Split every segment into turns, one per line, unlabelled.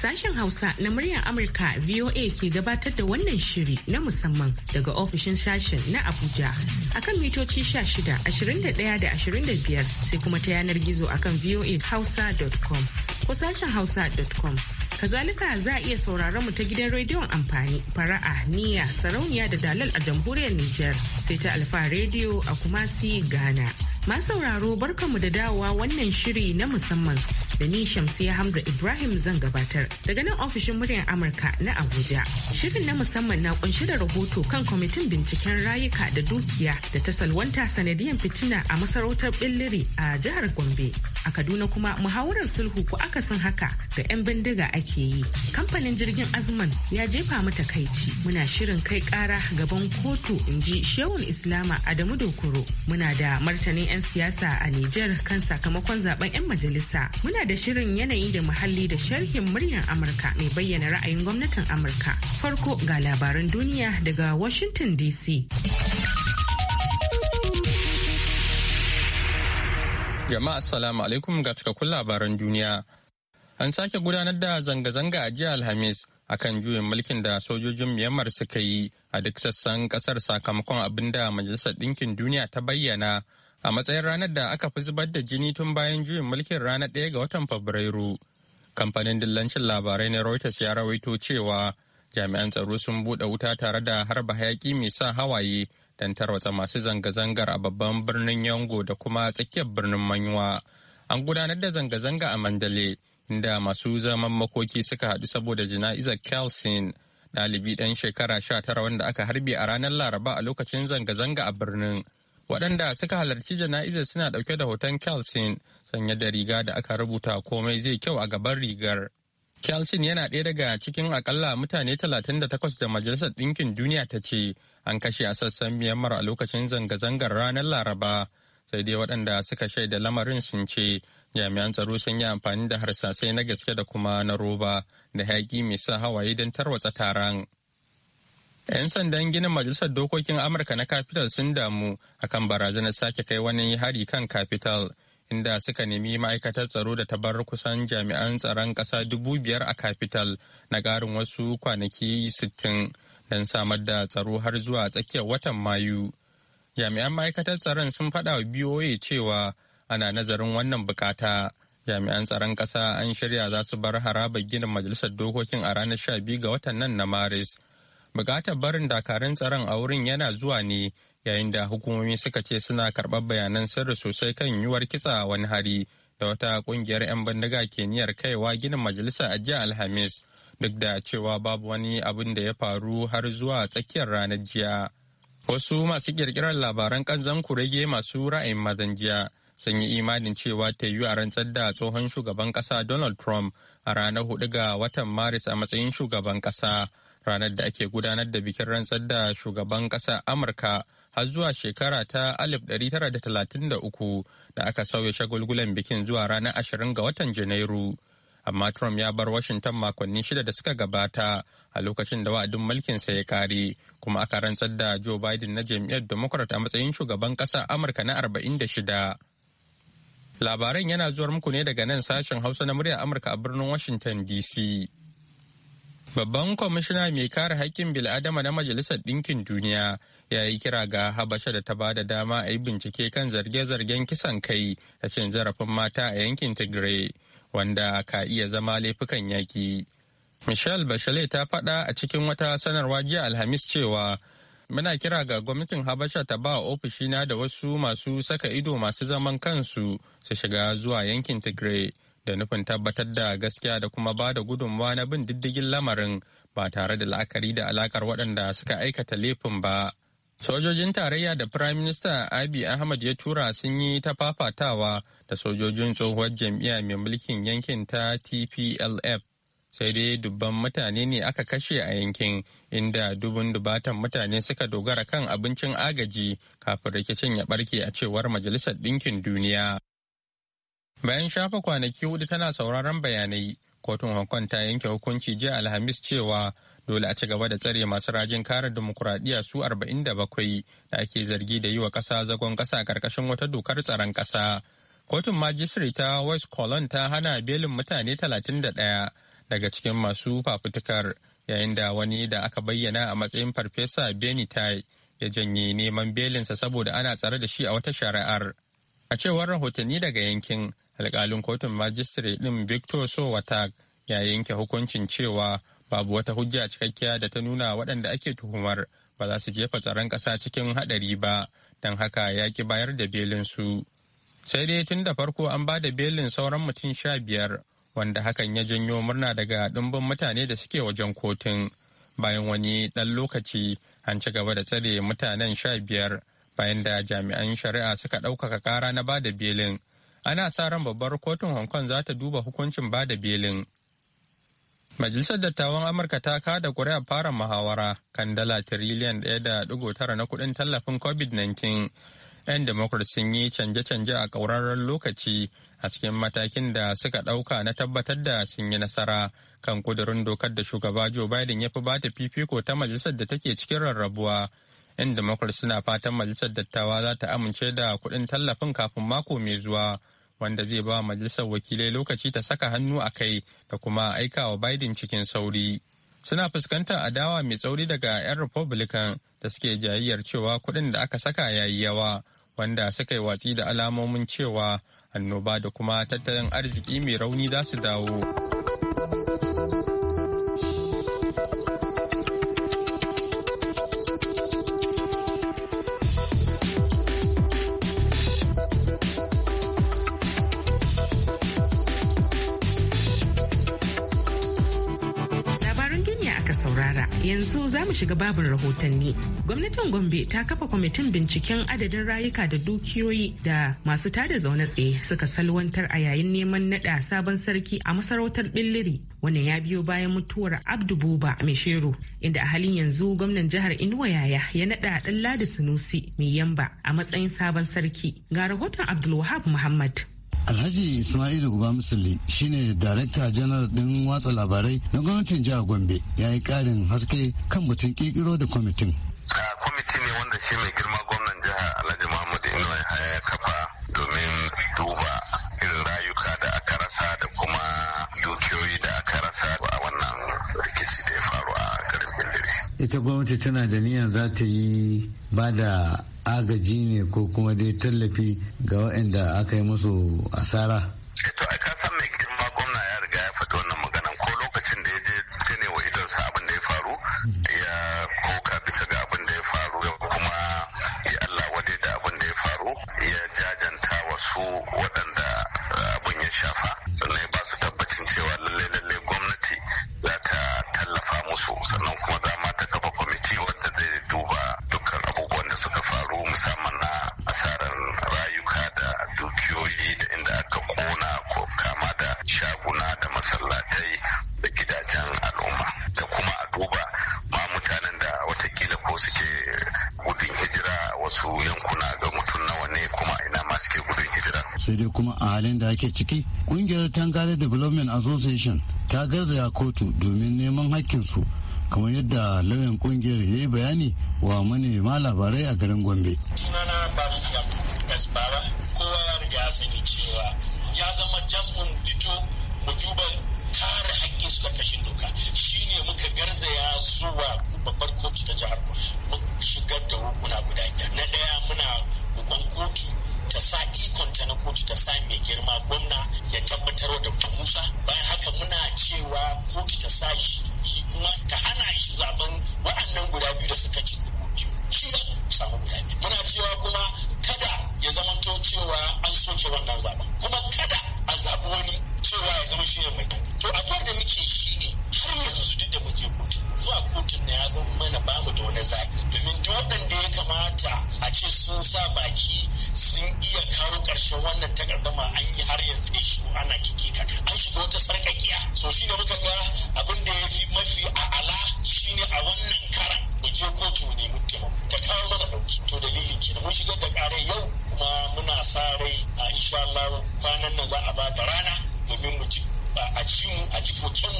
Sashen
Hausa na muryar Amurka VOA ke gabatar da wannan shiri na musamman daga ofishin sashen na Abuja akan mitoci 16, ashirin da da ashirin biyar sai kuma ta yanar gizo akan voahausa.com ko sashen hausa.com. Kazalika za a iya sauraron mu ta gidan rediyon amfani fara'a niyya sarauniya da dalal a jamhuriyar Nijar sai ta alfa rediyo a kumasi Ghana. Masauraro sauraro barkanmu da dawowa wannan shiri na musamman da ni Shamsiya Hamza Ibrahim zan gabatar daga nan ofishin muryar Amurka na Abuja. Shirin na musamman na kunshi da rahoto kan kwamitin binciken rayuka da dukiya da ta salwanta sanadiyan fitina a masarautar Billiri a jihar Gombe. A Kaduna kuma muhawarar sulhu ko akasin haka ga 'yan bindiga ake yi. Kamfanin jirgin Azman ya jefa mu takaici Muna shirin kai kara gaban kotu in ji Shehun Islama Adamu Dokoro. Muna da martanin 'yan siyasa a Nijar kan sakamakon zaben 'yan majalisa. Muna da shirin yanayi da muhalli da sharhin muryar Amurka mai bayyana ra'ayin gwamnatin Amurka. Farko ga labaran duniya daga Washington DC.
Jama'a Assalamu alaikum ga cikakkun labaran duniya. An sake gudanar da zanga-zanga a jiya Alhamis akan juyin mulkin da sojojin Myanmar suka yi a duk sassan kasar sakamakon abin da Majalisar Ɗinkin Duniya ta bayyana a matsayin ranar da aka fi zubar da jini tun bayan juyin mulkin ranar ɗaya ga watan Fabrairu. Kamfanin dillancin labarai na Reuters ya rawaito cewa jami'an tsaro sun buɗe wuta tare da harba hayaki mai sa hawaye don tarwatsa masu zanga-zangar a babban birnin Yango da kuma tsakiyar birnin Manyuwa. An gudanar da zanga-zanga a Mandale, inda masu zaman makoki suka haɗu saboda jana'izar Kelsin, ɗalibi ɗan shekara sha tara wanda aka harbe a ranar Laraba a lokacin zanga-zanga a birnin. waɗanda suka halarci jana'izar suna ɗauke da hoton kelsin sanye da riga da aka rubuta komai zai kyau a gaban rigar kelsin yana ɗaya daga cikin akalla mutane 38 da majalisar ɗinkin duniya ta ce an kashe a sassan myanmar a lokacin zanga-zangar ranar laraba sai dai waɗanda suka shaida lamarin sun ce jami'an tsaro sun yi amfani da harsasai na gaske da kuma na roba da hayaki mai sa hawaye don tarwatsa taron. 'Yan sandan ginin Majalisar Dokokin Amurka na Capital sun damu akan barazanar sake kai wani hari kan Capital, inda suka nemi ma'aikatar tsaro da ta bar kusan jami'an tsaron ƙasa dubu biyar a Capital na ƙarin wasu kwanaki sittin don samar da tsaro har zuwa tsakiyar watan Mayu. Jami'an ma'aikatar tsaron sun faɗa wa biyoyi cewa ana nazarin wannan bukata. Jami'an tsaron ƙasa an shirya za su bar harabar ginin Majalisar Dokokin a ranar 12 ga watan nan na Maris. bukatar barin dakarun tsaron a wurin yana zuwa ne yayin da hukumomi suka ce suna karɓar bayanan sirri sosai kan yiwuwar kitsa wani hari da wata kungiyar 'yan bindiga ke niyyar kaiwa ginin majalisa a jiya alhamis duk da cewa babu wani abin da ya faru har zuwa tsakiyar ranar jiya wasu masu kirkirar labaran kanzan kurege masu ra'ayin mazan jiya sun yi imanin cewa ta yi a rantsar da tsohon shugaban kasa donald trump a ranar hudu ga watan maris a matsayin shugaban kasa. ranar da ake gudanar da bikin rantsar da shugaban ƙasa amurka har zuwa shekara ta 1933 da aka sauya shagulgulan bikin zuwa ranar 20 ga watan janairu amma trump ya bar washington makonni shida da suka gabata a lokacin da wa'adin sa ya kare kuma aka rantsar da joe biden na jam'iyyar democrat a matsayin shugaban ƙasa amurka na 46 labaran yana zuwar muku ne daga nan sashen hausa na murya amurka a birnin washington dc Babban kwamishina mai kare haƙƙin bil'adama na Majalisar Ɗinkin Duniya ya yi kira ga Habasha da ta ba da dama a yi bincike kan zarge-zargen kisan kai da cin zarafin mata a yankin Tigray wanda ka iya zama laifukan yaƙi. Michelle Bachelet ta faɗa a cikin wata sanarwa jiya Alhamis cewa muna kira ga gwamnatin Habasha ta ba ofishina da wasu masu saka ido masu zaman kansu su shiga zuwa yankin Tigray. da nufin tabbatar da gaskiya da kuma ba da gudunmawa na bin diddigin lamarin ba tare da la'akari da alakar waɗanda suka aikata laifin ba. Sojojin tarayya da Firayim Minista Abiy Ahmad ya tura sun yi ta fafatawa da sojojin tsohuwar jam'iyya mai mulkin yankin ta TPLF. Sai dai dubban mutane ne aka kashe a yankin inda dubun dubatan mutane suka dogara kan abincin agaji kafin rikicin ya barke a cewar Majalisar Ɗinkin Duniya. Bayan shafa kwanaki hudu tana sauraron bayanai, kotun Hong Kong ta yanke hukunci jiya Alhamis cewa dole a ci gaba da tsare masu rajin kare demokuraɗiyya su 47 da ake zargi da yi wa ƙasa zagon ƙasa ƙarƙashin wata dokar tsaron ƙasa. Kotun Majistri ta West Colon ta hana belin mutane 31 daga cikin masu fafutukar yayin da wani da aka bayyana a matsayin Farfesa Benitai ya janye neman belinsa saboda ana tsare da shi a wata shari'ar. A cewar rahotanni daga yankin, alkalin kotun majistare din victor sowatag ya yanke hukuncin cewa babu wata hujja cikakkiya da ta nuna waɗanda ake tuhumar ba za su jefa tsaron ƙasa cikin haɗari ba don haka ya ki bayar da belin su. sai dai tun da farko an ba da belin sauran mutum sha biyar wanda hakan ya janyo murna daga ɗumbin mutane da suke wajen kotun bayan wani ɗan lokaci an ci gaba da tsare mutanen sha biyar bayan da jami'an shari'a suka ɗaukaka ƙara na ba da belin ana sa ran babbar kotun hong kong za ta duba hukuncin ba da belin majalisar dattawan amurka ta kada a fara muhawara kan dala tiriliyan ɗaya da ɗigo tara na kuɗin tallafin covid-19 'yan democrat sun yi canje-canje a ƙaurarren lokaci a cikin matakin da suka ɗauka na tabbatar da sun yi nasara kan kudurin dokar da shugaba joe biden ya fi bata fifiko ta majalisar da take cikin rarrabuwa 'yan democrat suna fatan majalisar dattawa za ta amince da kuɗin tallafin kafin mako mai zuwa wanda zai ba majalisar wakilai lokaci ta saka hannu a kai da kuma aika wa biden cikin sauri suna fuskantar adawa mai tsauri daga 'yan republican da suke jayayyar cewa kuɗin da aka saka ya yi yawa wanda suka yi watsi da alamomin cewa annoba da kuma tattalin arziki mai rauni za su dawo.
yanzu za mu shiga babin rahotanni gwamnatin gombe ta kafa kwamitin binciken adadin rayuka da dukiyoyi da masu tada zaune tsaye suka salwantar a yayin neman nada sabon sarki a masarautar billiri wannan ya biyo bayan mutuwar abdu buba mai shero inda a halin yanzu gwamnan jihar inuwa yaya ya nada dan ladi sunusi mai yamba a matsayin sabon sarki ga rahoton abdulwahab muhammad
Alhaji Ismailu Uba Musulli shine Darakta Janar ɗin watsa labarai na gwamnatin jihar Gombe ya yi ƙarin haske kan batun ƙirƙiro da kwamitin. Ah,
kwamiti ne wanda
shi mai girma gwamnan jihar Alhaji Muhammadu Inuwa ya haya kafa domin duba irin rayuka da aka rasa da kuma dukiyoyi da aka rasa a wannan rikici da ya faru a garin Bindiri. Ita gwamnati tana da niyan za ta yi ba da agaji ne ko kuma dai tallafi ga waɗanda aka yi musu asara sai dai kuma a halin da ake ciki kungiyar tangare development association ta garzaya kotu domin neman hakkin su kamar yadda lauyan kungiyar ya yi bayani wa manema labarai a garin gombe
shirya mai to abubuwan da muke shi ne har yanzu duk da muke kotu zuwa kotun na ya zama mana mu da wani zaɓi domin duk waɗanda ya kamata a ce sun sa baki sun iya kawo ƙarshen wannan takardama an yi har yanzu ya shigo ana kikika an shiga wata sarƙaƙiya so shi ne muka ga abin da ya fi mafi a'ala shine a wannan karan mu je kotu ne mu taimako ta kawo mana ɗauki to dalilin ke mun shigar da ƙarar yau kuma muna sa rai a insha Allah kwanan nan za a ba da rana domin mu ci ba a ji a ji koken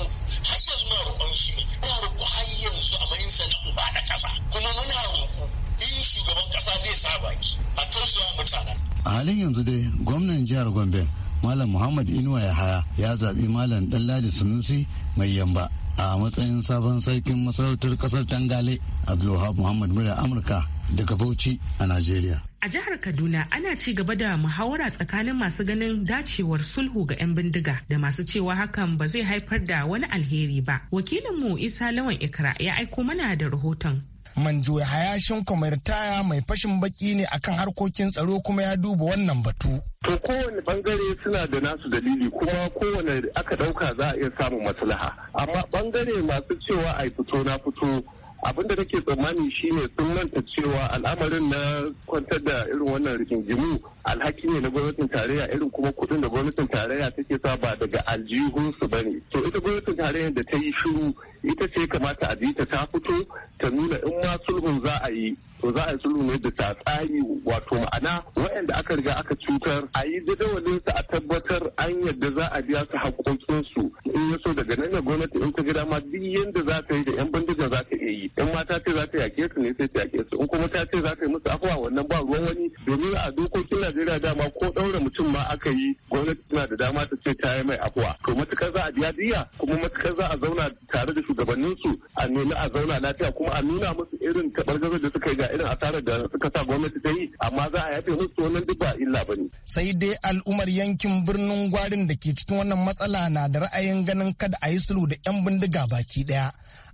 har yanzu muna roƙon shi ne muna roƙo har yanzu a mayin sa na uba na ƙasa kuma muna roƙo in shugaban ƙasa zai sa baki a tausaya mutanen.
a halin yanzu dai gwamnan jihar gombe malam muhammad inuwa yahaya ya zaɓi malam ɗanladi sununsi mai yamba a matsayin sabon sarkin masarautar ƙasar tangale abdulwahab muhammad murya amurka daga bauchi a najeriya
A jihar Kaduna ana ci gaba da muhawara tsakanin masu ganin dacewar sulhu ga 'yan bindiga da masu cewa hakan ba zai haifar da wani alheri ba. Wakilinmu Isa Lawan Ikra ya aiko mana da rahoton.
Manjoya hayashin kwamitaya mai fashin baki ne akan harkokin tsaro kuma ya duba wannan batu.
To kowane bangare suna da nasu dalili kuma kowane aka dauka za a iya samun maslaha. Amma bangare masu cewa ai fito na fito abin da take tsammani shine sun manta cewa al'amarin na kwantar da irin wannan rigingimu alhaki ne na gwamnatin tarayya irin kuma kudin da gwamnatin tarayya take sa ba daga aljihunsu ba ne to ita gwamnatin tarayya da ta yi shiru ita ce kamata a ta ta fito ta nuna in ma sulhun za a yi to za a yi sulhun ne da ta tsari wato ma'ana waɗanda aka riga aka cutar a yi jadawalin su a tabbatar an yadda za a biya su haƙoƙin su in ya so daga nan da gwamnati in ta gida ma duk yanda za ta yi da yan bandijan za ta iya yi in ma ta ce za ta yaƙe su ne sai ta yaƙe su in kuma ta ce za ta yi musu afuwa wannan ba ruwan wani domin a dokokin Najeriya dama ko ɗaure mutum ma aka yi gwamnati tana da dama ta ce ta yi mai afuwa to matuƙar za a biya diya kuma matuƙar za a zauna tare da shugabanninsu a nuna a zauna lafiya kuma a nuna musu irin taɓargazar da suka yi ga irin asarar da suka sa gwamnati ta yi amma za a yafe musu wannan duk ba illa ba ne. sai dai al'ummar yankin
birnin gwarin da ke cikin wannan matsala na da ra'ayin ganin kada a yi sulhu da 'yan bindiga baki daya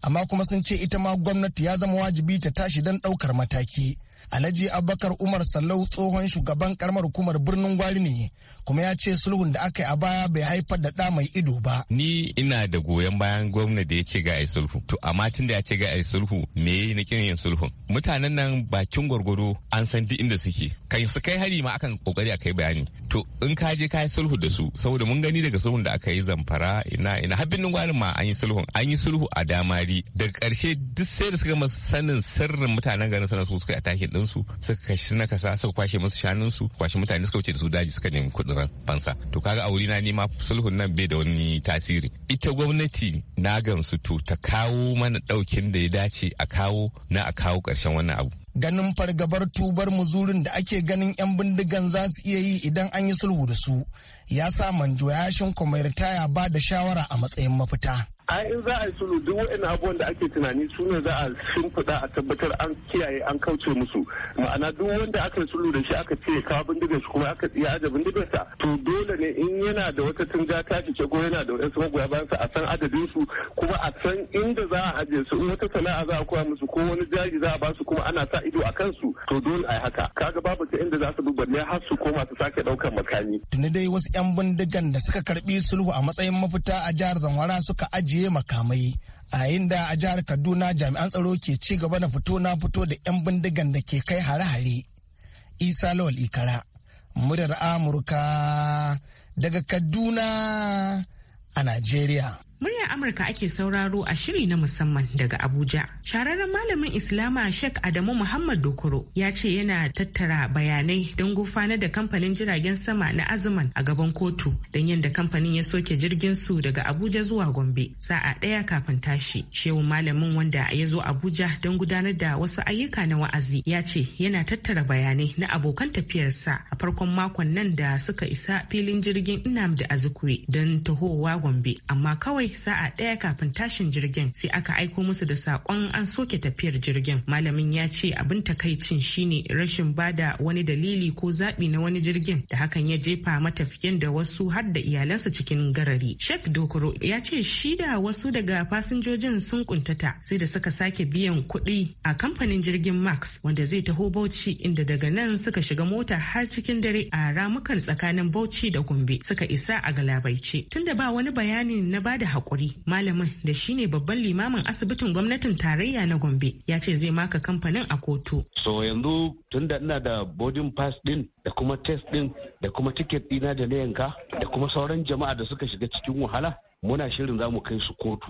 amma kuma sun ce ita ma gwamnati ya zama wajibi ta tashi don ɗaukar mataki. Alhaji Abubakar Umar Sallau tsohon shugaban karamar hukumar birnin Gwari ne kuma ya ce sulhun da aka yi a baya bai haifar da ɗa mai ido ba.
Ni ina da goyon bayan gwamna da ya ce ga ai sulhu. To amma tun da ya ce ga ai sulhu me yayi na kin yin sulhun? Mutanen nan bakin gwargwado an san duk inda suke. Kai su kai hari ma akan kokari a kai bayani. To in ka je ka yi sulhu da su saboda mun gani daga sulhun da aka yi zamfara ina ina har birnin Gwari ma an yi sulhun. An yi sulhu a damari daga ƙarshe duk sai da suka sanin sirrin mutanen garin sana su suka yi a takin ɗinsu suka kashi suna kasa suka kwashe musu shanunsu kwashe mutane suka wuce da su daji suka nemi kuɗin fansa to kaga a wuri na nema sulhun nan bai da wani tasiri ita gwamnati na gamsu to ta kawo mana ɗaukin da ya dace a kawo na a kawo ƙarshen wannan abu
ganin fargabar tubar muzurin da ake ganin 'yan bindigan za su iya yi idan an yi sulhu da su ya sa manjo ya shin kwamai ritaya ba da shawara a matsayin mafita
a in za a yi sulhu duk wa'in abubuwan da ake tunani su ne za a shimfiɗa a tabbatar an kiyaye an kauce musu ma'ana duk wanda aka yi sulhu da shi aka ce ka bindigar shi kuma aka ya aje bindigar sa to dole ne in yana da wata tunga ta ce ko yana da wasu magoya bayan sa a san adadin su kuma a san inda za a ajiye su in wata sana'a za a koya musu ko wani jari za a ba kuma ana sa ido a kansu to dole a yi haka kaga babu ta inda za su bi balle har su koma su sake ɗaukar makami. Tuni dai wasu
'yan bindigan da suka karbi sulhu a matsayin mafita a jihar zamwara suka ajiye je makamai a yayin da a jihar kaduna jami'an tsaro ke ci gaba na fito na fito da 'yan bindigan da ke kai hare-hare isa lawal ikara muryar amurka daga kaduna a najeriya
Murya Amurka ake sauraro a shiri na musamman daga Abuja. Shararren malamin Islama Sheikh Adamu Muhammad Dokoro ya ce yana tattara bayanai don gufanar da kamfanin jiragen sama na Azuman a gaban kotu don yadda kamfanin ya soke jirgin su daga Abuja zuwa Gombe sa'a ɗaya kafin tashi. Shehu malamin wanda ya zo Abuja don gudanar da wasu ayyuka na wa'azi ya ce yana tattara bayanai na abokan tafiyarsa a farkon makon nan da suka isa filin jirgin Inam da Azikwe don tahowa Gombe amma kawai kawai sa'a ɗaya kafin tashin jirgin sai aka aiko musu da saƙon an soke tafiyar jirgin. Malamin ya ce abin takaicin shine rashin bada wani dalili ko zaɓi na wani jirgin da hakan ya jefa matafiyan da wasu har da iyalansa cikin garari. shek Dokoro ya ce shi da wasu daga fasinjojin sun kuntata sai da suka sake biyan kuɗi a kamfanin jirgin Max wanda zai taho Bauchi inda daga nan suka shiga mota har cikin dare a ramukan tsakanin Bauchi da Gombe suka isa a galabaice. Tunda ba wani bayani na bada haƙuri malamin da shi ne babban limamin asibitin gwamnatin tarayya na gombe ya ce zai maka kamfanin a kotu
so yanzu tunda ina da boarding pass din da kuma test din da kuma ticket ɗina da na yanka da kuma sauran jama'a da suka shiga cikin wahala muna shirin za mu kai su kotu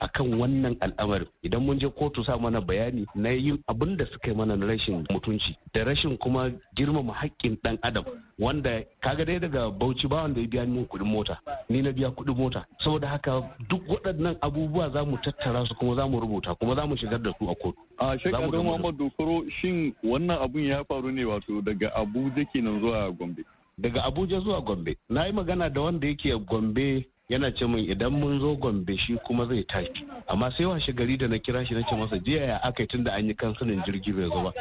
akan wannan al'amarin idan mun je kotu sa mana bayani na yin abin da suka yi mana na rashin mutunci da rashin kuma girmama haƙƙin ɗan adam wanda kaga dai daga bauchi ba wanda ya biya min kuɗin mota ni na biya kuɗin mota saboda haka duk waɗannan abubuwa za mu tattara su kuma za mu rubuta kuma za mu shigar da su a kotu.
a shekaru muhammad dokoro shin wannan abun ya faru ne wato daga abuja kenan zuwa gombe. daga abuja zuwa gombe na yi
magana da wanda yake gombe yana ce min idan mun zo gombe shi kuma zai tashi amma sai washe gari da na kira shi na ce masa jiya ya aka tun da an yi kansunan jirgi bai zo ba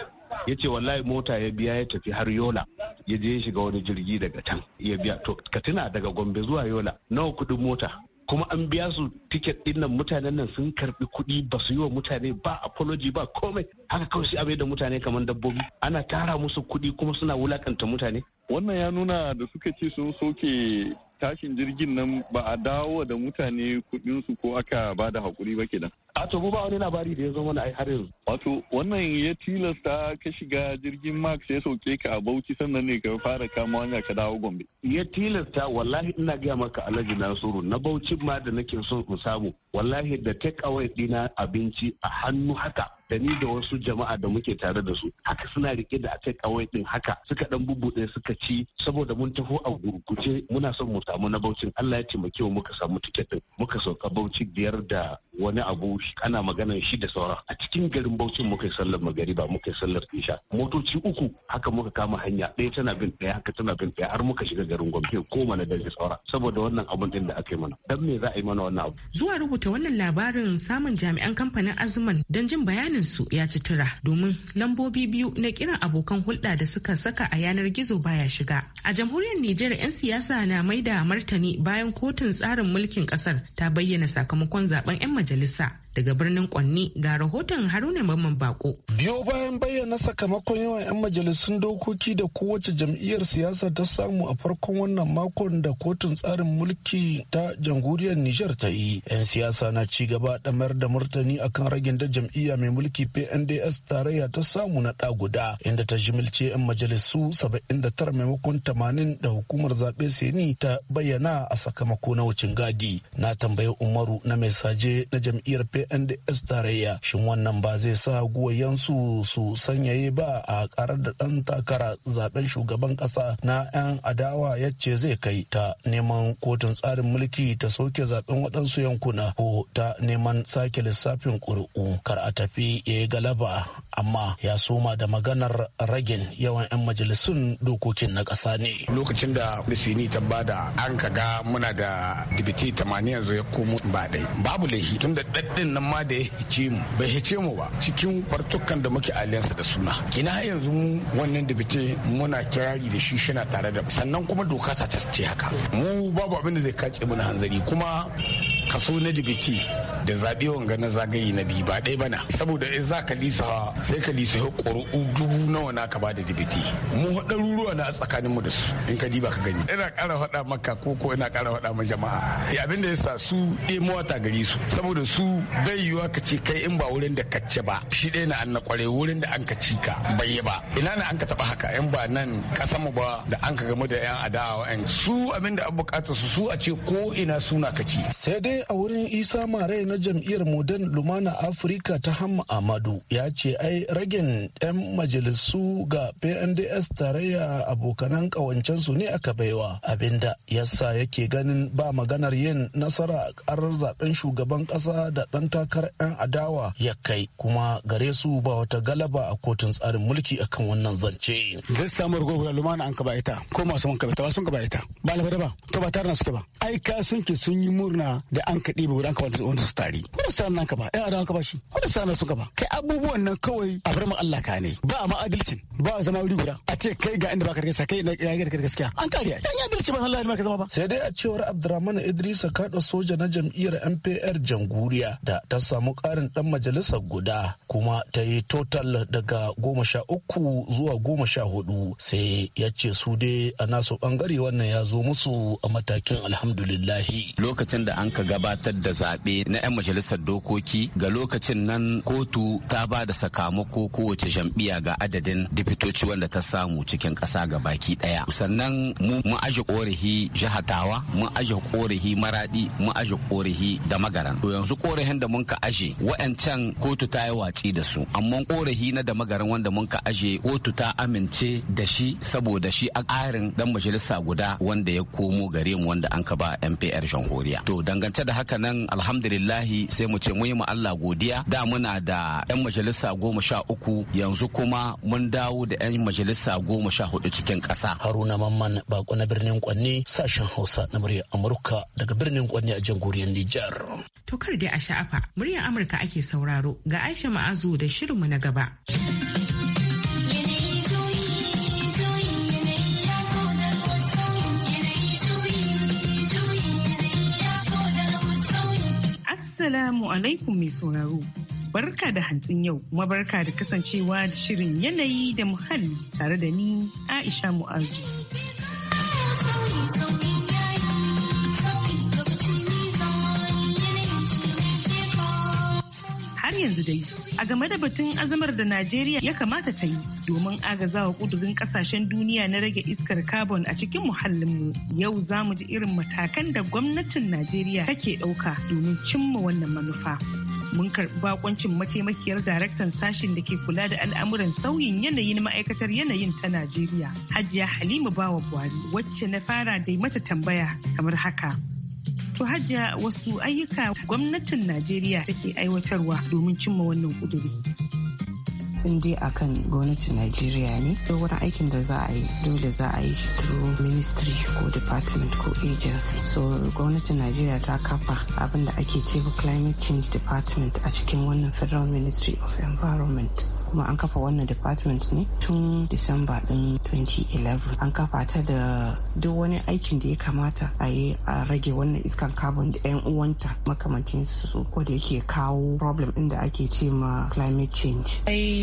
ya ce wallahi mota ya biya ya tafi har yola ya je ya shiga wani jirgi daga can ya biya to ka tuna daga gombe zuwa yola nawa kuɗin mota kuma an biya su tiket ɗinnan mutanen nan sun karbi kuɗi ba su yi wa mutane ba apology ba komai haka kawai sai abai da mutane kamar dabbobi ana tara musu kuɗi kuma suna wulakanta mutane
wannan ya nuna da suka ce sun soke tashin jirgin nan ba a dawo da mutane kuɗinsu ko aka ba da hakuri ba kenan.
a to mu ba wani labari da ya zo mana ai har yanzu
wato wannan ya tilasta ka shiga jirgin max ya sauke ka a bauchi sannan ne ka fara kama hanya ka dawo gombe ya tilasta
wallahi ina gaya maka alhaji nasiru na bauchi ma da nake so in samu wallahi da take away dina abinci a hannu haka da ni da wasu jama'a da muke tare da su haka suna rike da take away din haka suka dan bubuɗe suka ci saboda mun taho a gurguje muna son mu samu na bauchi Allah ya taimake mu muka samu tiket din muka sauka bauchi biyar da wani abu ana maganar shi da sauran a cikin garin Bauchi muka yi sallar magariba muka yi sallar isha motoci uku haka muka kama hanya ɗaya tana bin ɗaya haka tana bin ɗaya har muka shiga garin Gombe ko mana da saura saboda wannan abun din da aka yi mana dan me za a yi mana wannan abu
zuwa rubuta wannan labarin samun jami'an kamfanin azuman don jin bayanin su ya ci tura domin lambobi biyu na kiran abokan hulɗa da suka saka a yanar gizo baya shiga a jamhuriyar Nijar 'yan siyasa na maida martani bayan kotun tsarin mulkin kasar ta bayyana sakamakon zaben 'yan majalisa daga birnin Kwanni ga rahoton Haruna Mamman Bako.
Biyo bayan bayyana sakamakon yawan 'yan majalisun dokoki da kowace jam'iyyar siyasa ta samu a farkon wannan makon da kotun tsarin mulki ta jamhuriyar Nijar ta yi. 'Yan siyasa na ci gaba da mayar da martani akan ragin da jam'iyya mai mulki PNDS tarayya ta samu na ɗa guda inda ta jimilce 'yan majalisu tara maimakon 80 da hukumar zaɓe Seni ta bayyana a sakamako na wucin gadi. Na tambayi Umaru na mai na jam'iyyar PNDS nds tarayya shin wannan ba zai sa goyensu su sanyaye ba a karar da ɗan takara zaben shugaban ƙasa na 'yan adawa yacce zai kai ta neman kotun tsarin mulki ta soke zaben waɗansu yankuna ko ta neman sake lissafin ƙuri'u kar a tafi ya yi galaba amma ya soma da maganar ragin yawan 'yan majalisun dokokin na ƙasa ne
lokacin da lisini ta bada an kaga muna da dibiti 80 yanzu ya komo ba ɗai babu laifi tun da ɗaɗɗin nan ma da ya hice mu bai hice mu ba cikin fartukan da muke aliyansa da suna kina har yanzu mu wannan da bice muna kirari da shi shina tare da sannan kuma doka ta ce haka mu babu abin da zai kace mu na hanzari kuma kaso na dibiti da zaɓe wanga na zagaye na biyu ba ɗaya bana saboda in za ka lisa sai ka lisa ya ƙuri'u dubu nawa na ka ba da dibiti mu ruruwa na tsakanin mu da su in ka diba ka gani ina ƙara faɗa maka ko ko ina ƙara faɗa ma jama'a ya eh, abin da ya sa su ɗemo wata gari su saboda su bai yiwuwa ka ce kai in ba wurin da ka ce ba shi ɗaya na an na ƙware wurin da an ka ci ka bai ba ina na an ka taɓa haka in ba nan ƙasar mu ba da an ka gamu da 'yan adawa 'yan su abin da an buƙatar su su a ce ko ina suna ka ci.
sai dai a wurin isa marai na jam'iyyar modern lumana afirka ta ham amadu ya ce ai ragin 'yan majalisu ga pnds tarayya abokanan kawancensu ne aka baiwa abinda yasa yake ganin ba maganar yin nasara karar zaben shugaban kasa da dan takarar 'yan adawa ya kai kuma gare su ba wata galaba a kotun tsarin mulki akan
wannan zance. zai samu rigogula lumana an kaba ita ko masu man kaba ita ba sun kaba ita ba labar ba ta ba tare na suke ba ai ka sun ke sun yi murna da an kaɗi ba an kaba wanda su ta tari wanda sa'an nan ka ba yan adawa ka ba shi wanda sa'an nan ka ba kai abubuwan nan kawai a bar ma Allah ka ne ba ma adalcin ba zama wuri guda a ce kai ga inda ba ka sa kai ya ga gaskiya an kare ai
ya adalci ba Allah ne ka zama ba
sai dai a cewar Abdurrahman Idrisa kaɗa soja na jam'iyyar MPR Janguriya da ta samu karin dan majalisa guda kuma ta yi total daga goma sha uku zuwa goma sha hudu sai ya ce su dai a nasu bangare wannan ya zo musu a matakin alhamdulillahi
lokacin da an ka gabatar da zaɓe na 'yan majalisar dokoki ga lokacin nan kotu ta ba da sakamako kowace jam'iyya ga adadin difitoci wanda ta samu cikin kasa ga baki ɗaya sannan mu mu aje korafi jahatawa mu aje korafi maradi mu aje korafi da magaran to yanzu da mun ka aje wa'ancan kotu ta yi watsi da su amma korahi na da magaran wanda mun ka aje kotu ta amince da shi saboda shi a ƙarin dan majalisa guda wanda ya komo gare mu wanda an ka ba MPR jamhuriya to dangance da haka nan alhamdulillah lillahi sai mu ce muyi ma Allah godiya da muna da 'yan majalisa goma sha uku yanzu kuma mun dawo da 'yan majalisa goma sha hudu cikin ƙasa. Haruna Mamman bako na birnin kwanni sashen Hausa
na muryar Amurka daga birnin kwanni a jamhuriyar Nijar.
To kar dai a sha'afa muryar Amurka ake sauraro ga Aisha Ma'azu da shirinmu na gaba.
Assalamu alaikum mai sauraro. Barka da hantsin yau kuma barka da kasancewa da shirin yanayi da muhalli tare da ni Aisha Mu'azu. yanzu dai a game da batun azamar da Najeriya ya kamata ta yi domin agazawa kudurin kasashen duniya na rage iskar carbon a cikin muhallinmu. Yau za mu ji irin matakan da gwamnatin Najeriya take ɗauka domin cimma wannan manufa. mun karɓi bakoncin mataimakiyar daraktan sashin da ke kula da al'amuran sauyin yanayi na ma'aikatar yanayin ta Najeriya, Hajiya Halima Bawa Buhari, wacce na fara da mata tambaya
kamar haka.
To hajiya wasu ayyuka gwamnatin Najeriya take
aiwatarwa domin cimma wannan kuduri. in dai akan gwamnatin Najeriya ne da wani aikin da za a yi dole za a yi shi through ministry ko department ko agency so gwamnatin Najeriya ta kafa abin da ake ce climate change department a cikin wannan federal ministry of environment kuma an kafa wannan department ne tun disamba din 2011 an kafa ta da duk wani aikin da ya kamata a yi a rage wannan iskan carbon da yan uwanta makamancin su ko da yake kawo problem ɗin da ake ce ma climate change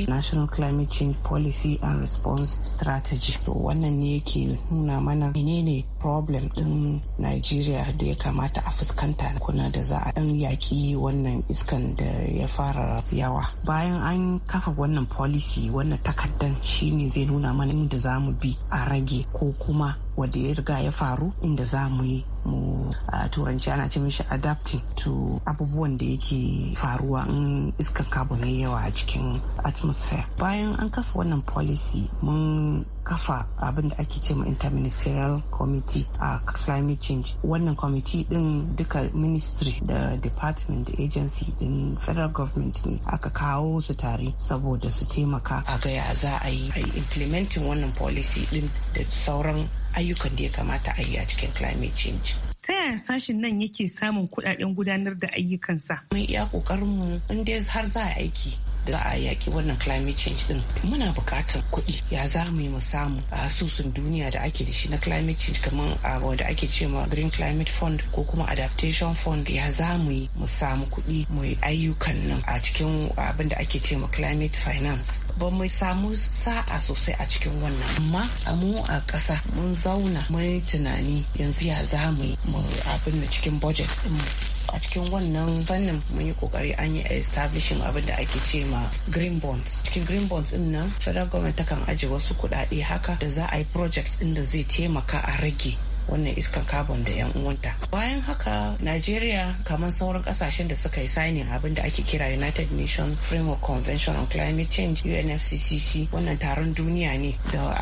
national climate change policy and response strategy to wannan ne yake nuna mana menene problem din Najeriya da ya kamata a fuskanta kuna da za a ɗan yaƙi wannan iskan da ya fara yawa. Bayan an kafa wannan policy wannan takardan shine zai nuna mana inda za mu bi a rage ko kuma wanda ya riga ya faru inda za mu yi mu a turanci ana ce mishi adapting to abubuwan da yake faruwa in kabo carbon yawa a cikin atmosphere bayan an kafa wannan policy mun kafa abin da ake ce ma interministerial committee a climate change wannan committee din duka ministry da department da agency din federal government ne aka kawo su tare saboda su taimaka a gaya za a yi implementing wannan policy din da sauran ayyukan da ya kamata a yi a cikin climate change
ta yaya sashen nan yake samun kudaden gudanar da ayyukansa? Mun iya kokarin mu
in dai har za a aiki da za a yaki wannan climate change din muna buƙatar kuɗi ya za mu yi mu samu a asusun duniya da ake da shi na climate change kamar a wanda ake ce ma green climate fund ko kuma adaptation fund ya za mu yi mu samu kuɗi mu yi ayyukan nan a cikin abin da ake ce ma climate finance ba mu samu sa'a sosai a cikin wannan amma mu a ƙasa mun zauna mun tunani yanzu ya za mu yi mu abin da cikin budget mu a cikin wannan fannin mun yi kokari an yi establishing abin da ake ce ma green bonds cikin green bonds din nan federal government takan aje wasu kuɗaɗe haka da za a yi project din da zai taimaka a rage wannan iskar carbon da yan uwanta bayan haka najeriya kamar sauran kasashen da suka yi sainin abin da ake kira united nations framework convention on climate change unfccc wannan taron duniya ne da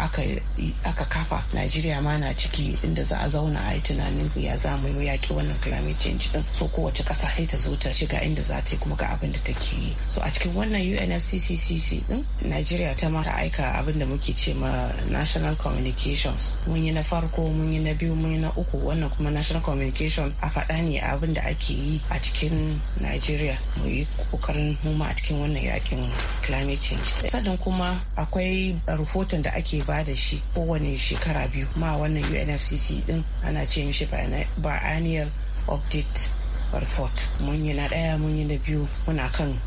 aka kafa najeriya ma na ciki inda za a zauna a yi tunanin ya za mu yaƙi wannan climate change din so kowace ƙasa sai ta zo ta shiga inda za ta yi kuma ga abin da take yi so a cikin wannan unfccc din najeriya ta ma ta aika abin da muke ce ma national communications mun yi na farko mun yi na biyu hukumomi na uku wannan kuma national communication a faɗa ne abin da ake yi a cikin nigeria mu yi kokarin huma a cikin wannan yakin climate change sannan kuma akwai rahoton da ake ba da shi kowane shekara biyu ma wannan unfcc din ana ce mishi biennial update report mun yi na ɗaya mun yi na biyu muna kan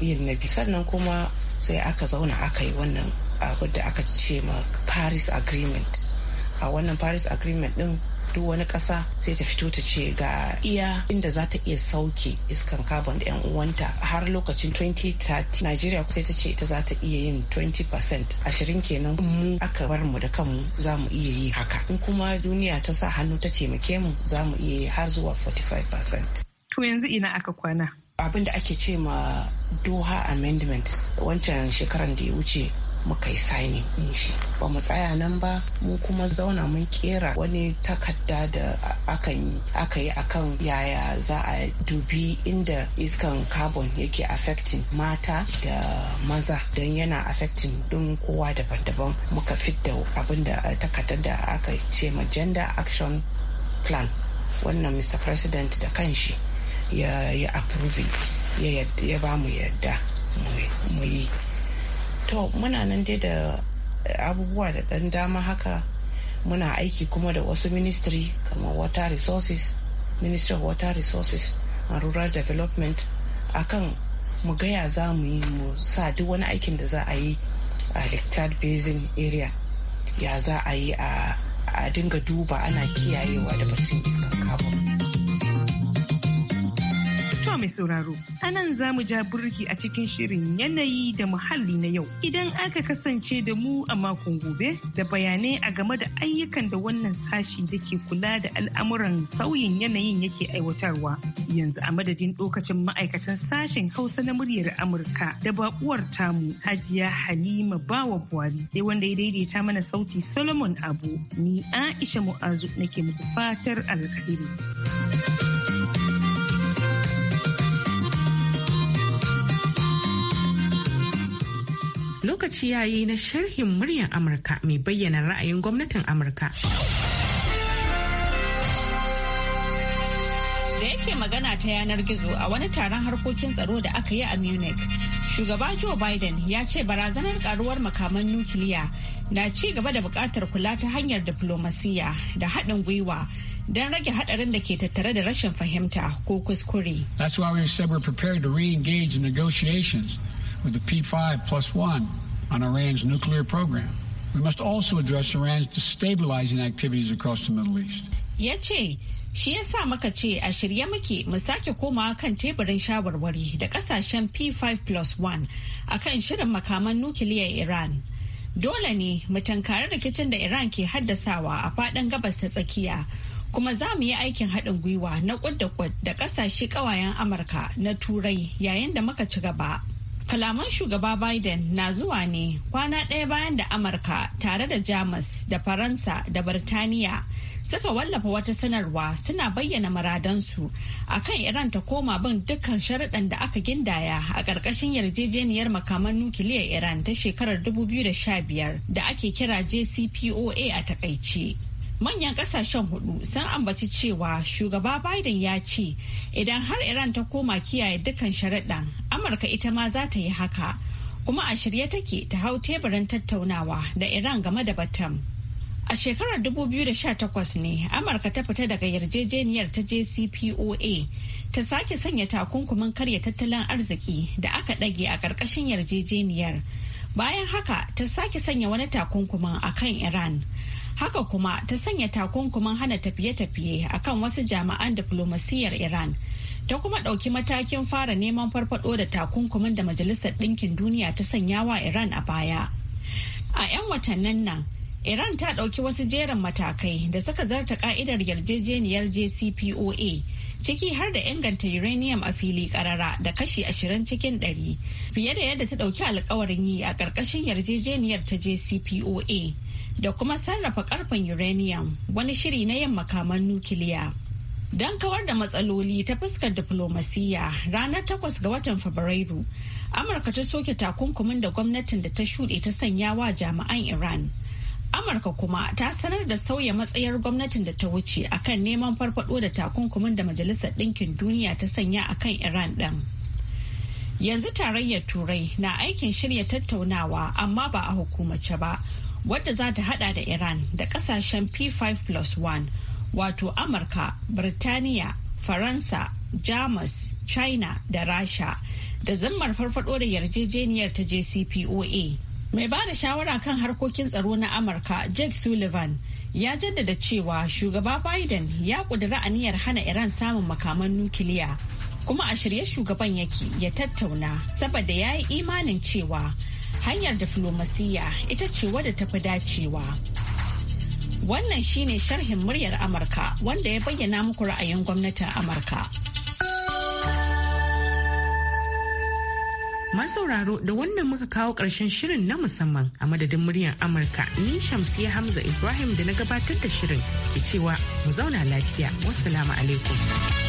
yin na biyu sannan kuma sai aka zauna aka yi wannan abin da aka ce ma paris agreement a wannan paris agreement din duk wani ƙasa sai ta fito ta ce ga iya inda za ta iya sauke iskan carbon da 'yan uwanta har lokacin 2030 Najeriya sai ta ce ita za ta iya yin 20% ashirin kenan mu aka bar mu da kanmu za mu iya yi haka in kuma duniya ta sa hannu ta taimake mu za mu iya yi har zuwa 45%. To yanzu ina aka kwana. abin da ake ce ma doha amendment wancan shekaran da ya wuce mu yi sani din shi ba mu tsaya nan ba mu kuma zauna mun kera wani takarda da aka yi akan yaya za a dubi inda iskan carbon yake affecting mata da maza don yana affecting din kowa daban-daban muka fidda abin da eh, takardar da aka ce ma gender action plan wannan mr president da kanshi ya yi approving ya ba mu yadda mu yi to muna nan dai da eh, abubuwa da ɗan dama haka muna aiki kuma da wasu ministry kamar water resources ministry of water resources and rural development akan mu gaya za mu yi mu sa duk wani aikin da za a yi a lactad basin area ya za a yi a dinga duba ana kiyayewa da batun iskan carbon.
mai sauraro. A nan za mu ja burki a cikin shirin yanayi da muhalli na yau. Idan aka kasance da mu a makon gobe da bayanai a game da ayyukan da wannan sashi da ke kula da al'amuran sauyin yanayin yake aiwatarwa. Yanzu a madadin ɗokacin ma'aikatan sashen Hausa na muryar Amurka da baƙuwar tamu Hajiya Halima Bawa Buhari sai wanda ya daidaita mana sauti Solomon Abu ni Aisha Mu'azu nake muku fatar
alkhairi. lokaci ya yi na sharhin muryar Amurka mai bayyana ra'ayin gwamnatin Amurka.
da yake magana ta yanar gizo a wani taron harkokin tsaro da aka yi a munich shugaba joe biden ya ce barazanar karuwar makaman nukiliya na ci gaba da bukatar kula ta hanyar diplomasiya da haɗin gwiwa don rage haɗarin da ke tattare da rashin fahimta ko kuskure.
That's why we said we're prepared to re-engage in negotiations with the P5 plus one on Iran's nuclear program. We must also address Iran's destabilizing activities across the Middle East.
Ya ce, shi yasa muka ce a shirye muke mu sake komawa kan teburin shawarwari da kasashen P5 plus 1 a kan shirin makaman nukiliyar Iran. Dole ne mu tankari rikicin da Iran ke haddasawa a faɗin gabas ta tsakiya. kuma za mu yi aikin haɗin gwiwa na kwad da kwad da ƙasashe ƙawayen amurka na turai yayin da muka ci gaba. Kalaman shugaba Biden na zuwa ne kwana ɗaya bayan da Amurka tare da Jamus da Faransa da Birtaniya suka wallafa wata sanarwa suna bayyana muradansu akan Iran ta koma bin dukkan sharaɗan da aka gindaya a ƙarƙashin yarjejeniyar makaman nukiliyar Iran ta shekarar 2015 da ake kira JCPOA a takaice. manyan kasashen hudu sun ambaci cewa shugaba biden ya ce idan har iran ta koma kiyaye dukkan sharaɗa amurka ita ma za ta yi haka kuma a shirye take ta hau teburin tattaunawa da iran game da batam a shekarar 2018 ne amurka ta fita daga yarjejeniyar ta jcpoa ta sake sanya takunkumin karya tattalin arziki da aka ɗage a ƙarƙashin yarjejeniyar bayan haka ta sake sanya wani takunkumin a kan iran haka kuma ta sanya takunkumin hana tafiye-tafiye a kan wasu jami'an diflomasiyyar iran ta kuma ɗauki matakin fara neman farfado da takunkumin da majalisar ɗinkin duniya ta sanya wa iran a baya a 'yan watannin nan iran ta ɗauki wasu jerin matakai da suka zarta ka'idar yarjejeniyar jcpoa ciki har da inganta uranium a fili karara da kashi ashirin cikin 100 fiye da yadda ta ɗauki alkawarin yi a ƙarƙashin yarjejeniyar ta jcpoa da kuma sarrafa karfen uranium wani shiri na yin makaman nukiliya. Don kawar da matsaloli ta fuskar diplomasiya ranar 8 ga watan Fabrairu, Amurka ta soke takunkumin da gwamnatin da ta shuɗe ta sanya wa jami'an Iran. Amurka kuma ta sanar da sauya matsayar gwamnatin da ta wuce akan neman farfado da takunkumin da Majalisar Ɗinkin Duniya ta sanya akan Iran ɗin. Yanzu tarayyar Turai na aikin shirya tattaunawa amma ba a hukumace ba. wadda za ta hada da Iran da kasashen P5 plus 1 wato Amurka, Birtaniya, Faransa, Jamus, China da Rasha da zammar farfado da yarjejeniyar ta JCPOA. Mai ba da shawara kan harkokin tsaro na Amurka, Jake Sullivan, ya jaddada cewa shugaba Biden ya kudura aniyar hana Iran samun makaman nukiliya. Kuma a shirye shugaban yake ya tattauna saboda ya yi imanin cewa hanyar diflomasiyya ita ce wadda ta fi dacewa. Wannan shine sharhin muryar Amurka wanda ya bayyana muku ra'ayin gwamnatin Amurka.
Masauraro da wannan muka kawo ƙarshen shirin na musamman a madadin muryar Amurka ni Shamsiya Hamza Ibrahim da na gabatar da shirin ke cewa mu zauna lafiya. Wassalamu alaikum.